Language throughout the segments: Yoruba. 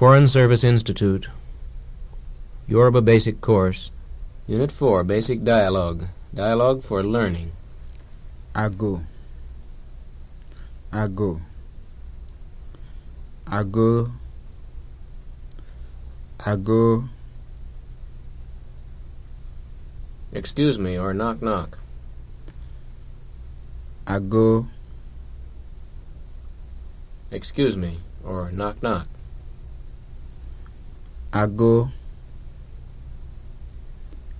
Foreign Service Institute, Yoruba Basic Course, Unit 4, Basic Dialogue, Dialogue for Learning. Ago. Ago. Ago. Ago. Excuse me, or knock knock. Ago. Excuse me, or knock knock. agụ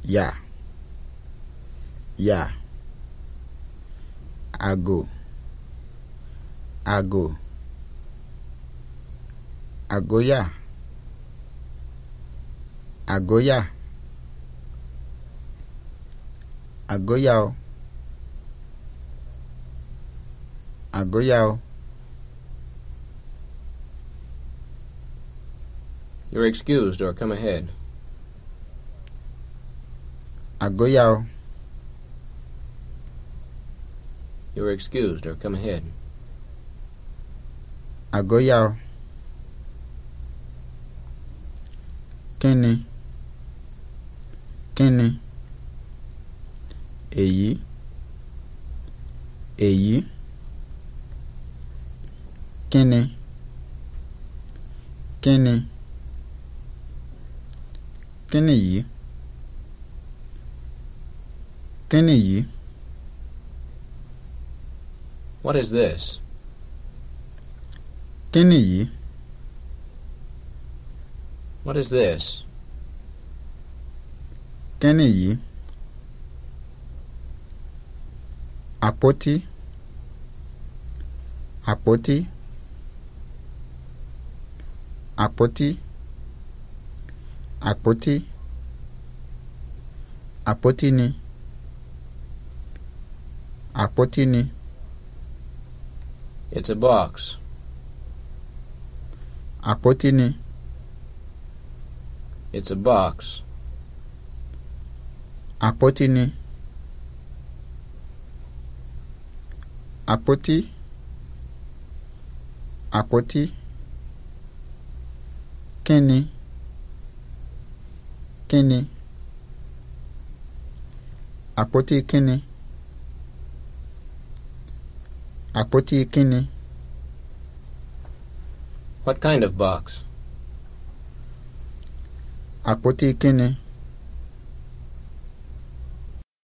ya ya agụ agụ agụ ya agụ ya agụ ya agụ ya You're excused or come ahead. Agoyao. You're excused or come ahead. Agoyao. Kene. Kene. Èyí. Èyí. Kene. Kene. kí ni yìí kí yìí. What is this? kí yìí. What is this? kí ni yìí. àpótí àpótí àpótí àpótí àpótí ni àpótí ni. It's a box. Àpótí ni. It's a box. Àpótí ni. Àpótí. Àpótí. Kí kíni àpótí kíni àpótí kíni. What kind of box? àpótí kíni.